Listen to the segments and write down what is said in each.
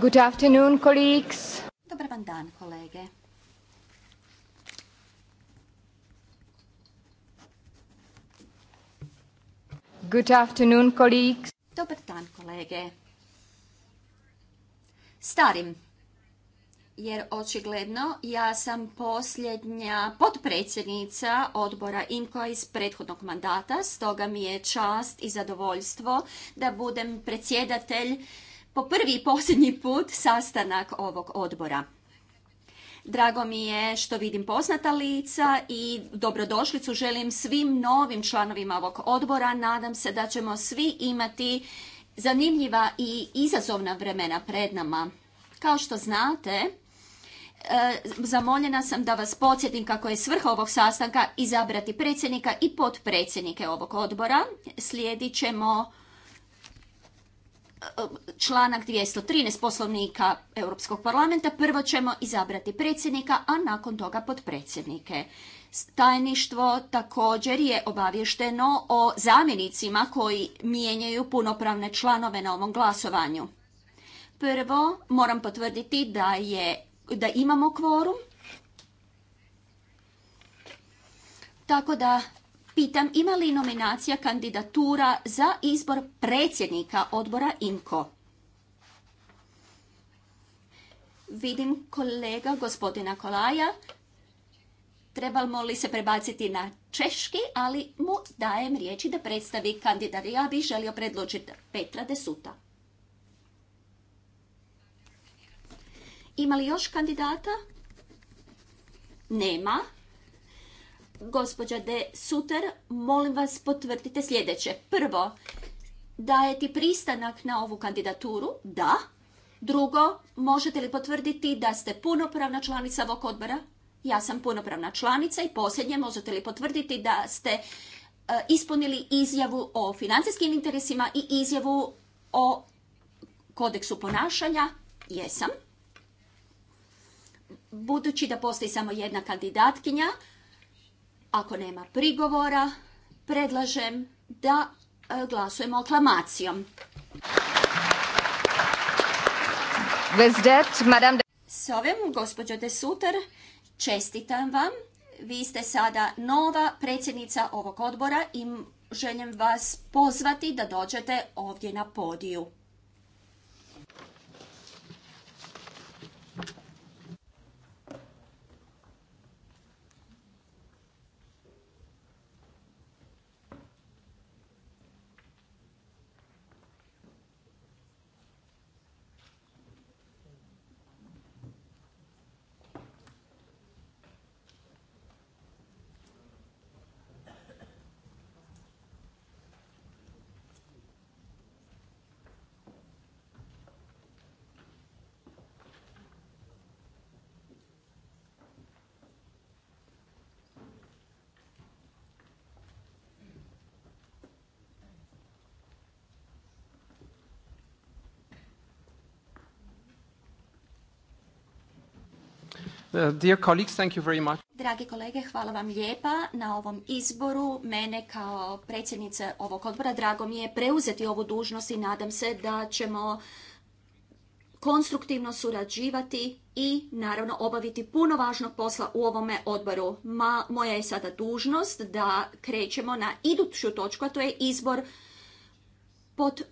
Good afternoon, colleagues. Dobar vam dan, kolege. Good afternoon, colleagues. Dobar dan, kolege. Starim, jer očigledno ja sam posljednja potpredsjednica odbora IMKO iz prethodnog mandata, stoga mi je čast i zadovoljstvo da budem predsjedatelj po prvi i posljednji put sastanak ovog odbora. Drago mi je što vidim poznata lica i dobrodošlicu želim svim novim članovima ovog odbora. Nadam se da ćemo svi imati zanimljiva i izazovna vremena pred nama. Kao što znate, e, zamoljena sam da vas podsjetim kako je svrha ovog sastanka izabrati predsjednika i potpredsjednike ovog odbora. Slijedit ćemo članak 213 poslovnika Europskog parlamenta. Prvo ćemo izabrati predsjednika, a nakon toga podpredsjednike. Tajništvo također je obavješteno o zamjenicima koji mijenjaju punopravne članove na ovom glasovanju. Prvo moram potvrditi da, je, da imamo kvorum. Tako da pitam ima li nominacija kandidatura za izbor predsjednika odbora INKO? Vidim kolega gospodina Kolaja. Trebamo li se prebaciti na češki, ali mu dajem riječi da predstavi kandidat. Ja bih želio predložiti Petra Desuta. Ima li još kandidata? Nema. Gospođa De Suter, molim vas potvrdite sljedeće. Prvo, daje ti pristanak na ovu kandidaturu? Da. Drugo, možete li potvrditi da ste punopravna članica ovog odbora? Ja sam punopravna članica i posljednje, možete li potvrditi da ste e, ispunili izjavu o financijskim interesima i izjavu o kodeksu ponašanja? Jesam. Budući da postoji samo jedna kandidatkinja, ako nema prigovora, predlažem da e, glasujemo aklamacijom. S ovim, gospođo de Suter, čestitam vam. Vi ste sada nova predsjednica ovog odbora i želim vas pozvati da dođete ovdje na podiju. Dear Dragi kolege, hvala vam lijepa na ovom izboru. Mene kao predsjednice ovog odbora drago mi je preuzeti ovu dužnost i nadam se da ćemo konstruktivno surađivati i naravno obaviti puno važnog posla u ovome odboru. Ma, moja je sada dužnost da krećemo na iduću točku, a to je izbor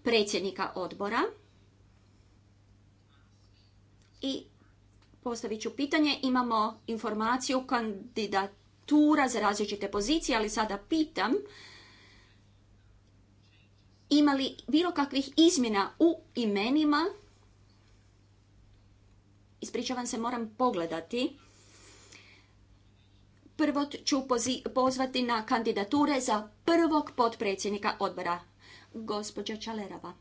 predsjednika odbora. I Postavit ću pitanje, imamo informaciju kandidatura za različite pozicije, ali sada pitam ima li bilo kakvih izmjena u imenima. Ispričavam se, moram pogledati. Prvo ću pozvati na kandidature za prvog potpredsjednika odbora, gospođa Čalerava.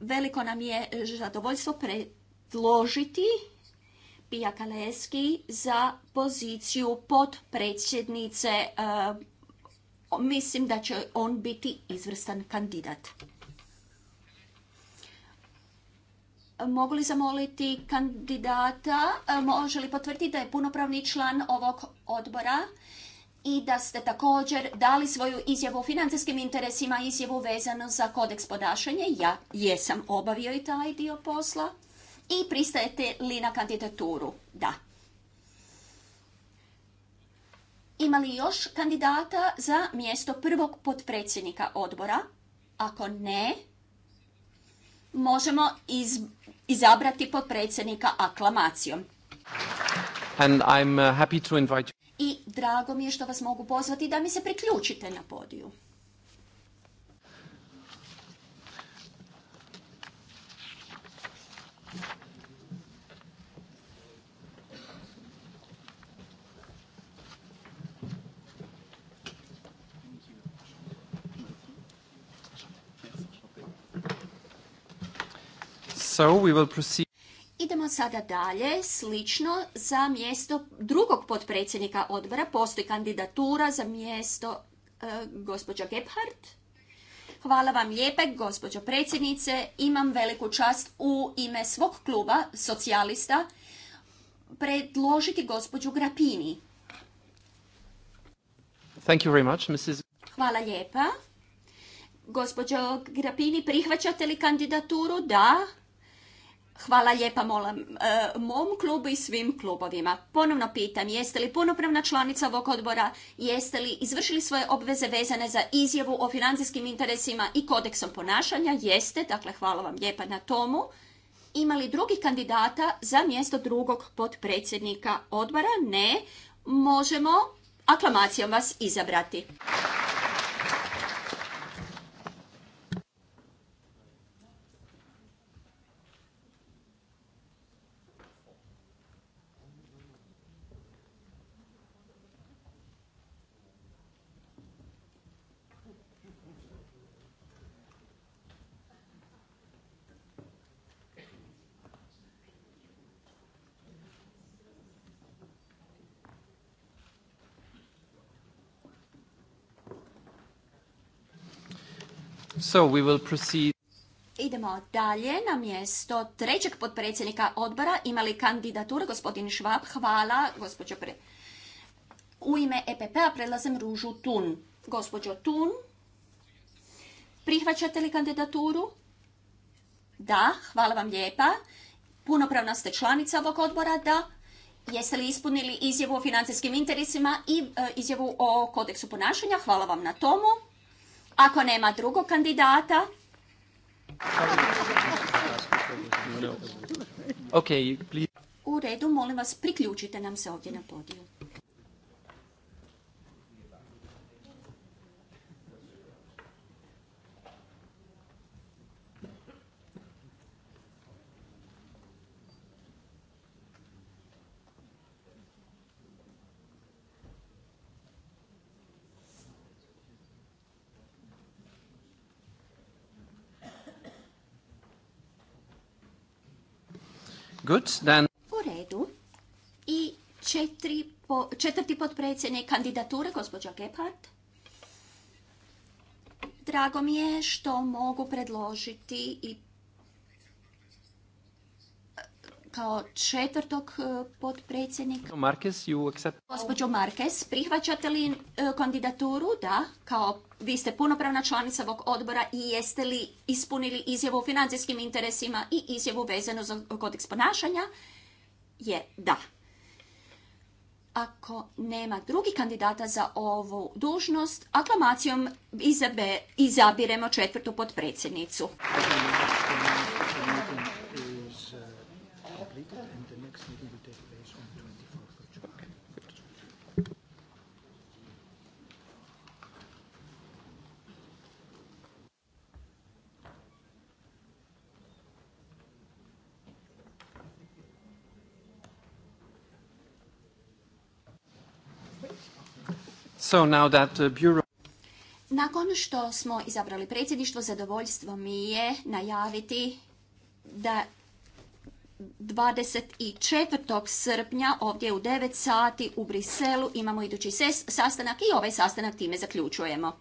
Veliko nam je e, zadovoljstvo predložiti Pija Kaleski za poziciju potpredsjednice. E, mislim da će on biti izvrstan kandidat. Mogu li zamoliti kandidata, e, može li potvrditi da je punopravni član ovog odbora? i da ste također dali svoju izjavu o financijskim interesima, izjavu vezanu za kodeks podašanja. Ja jesam obavio i taj dio posla. I pristajete li na kandidaturu? Da. Ima li još kandidata za mjesto prvog podpredsjednika odbora? Ako ne, možemo izabrati podpredsjednika aklamacijom. And I'm uh, happy to invite Drago mi je što vas mogu pozvati da mi se priključite na podiju. So we will proceed sada dalje, slično za mjesto drugog potpredsjednika odbora. Postoji kandidatura za mjesto e, gospođa Gebhardt. Hvala vam lijepe, gospođo predsjednice. Imam veliku čast u ime svog kluba, socijalista, predložiti gospođu Grapini. Hvala lijepa. Gospođo Grapini, prihvaćate li kandidaturu? Da. Hvala lijepa molim, e, mom klubu i svim klubovima. Ponovno pitam, jeste li punopravna članica ovog odbora, jeste li izvršili svoje obveze vezane za izjavu o financijskim interesima i kodeksom ponašanja? Jeste, dakle hvala vam lijepa na tomu. Ima li drugih kandidata za mjesto drugog potpredsjednika odbora? Ne. Možemo aklamacijom vas izabrati. So we will proceed. Idemo dalje na mjesto trećeg potpredsjednika odbora. Imali kandidaturu gospodin Švab. Hvala, gospođo U ime EPP-a predlazem Ružu Tun. Gospođo Tun, prihvaćate li kandidaturu? Da, hvala vam lijepa. Punopravna ste članica ovog odbora, da. Jeste li ispunili izjavu o financijskim interesima i e, izjavu o kodeksu ponašanja? Hvala vam na tomu. Ako nema drugog kandidata... U redu, molim vas, priključite nam se ovdje na podiju. Good, U redu. I četiri četvrti potpredsjednik kandidature, gospođa Gephardt. Drago mi je što mogu predložiti i kao četvrtog e, potpredsjednika. Marquez, you accept... Gospođo Marquez, prihvaćate li e, kandidaturu? Da, kao vi ste punopravna članica ovog odbora i jeste li ispunili izjavu o financijskim interesima i izjavu vezanu za kodeks ponašanja? Je, da. Ako nema drugih kandidata za ovu dužnost, aklamacijom izabiremo četvrtu potpredsjednicu. Nakon što smo izabrali predsjedništvo, zadovoljstvo mi je najaviti da 24. srpnja ovdje u 9 sati u Briselu imamo idući sastanak i ovaj sastanak time zaključujemo.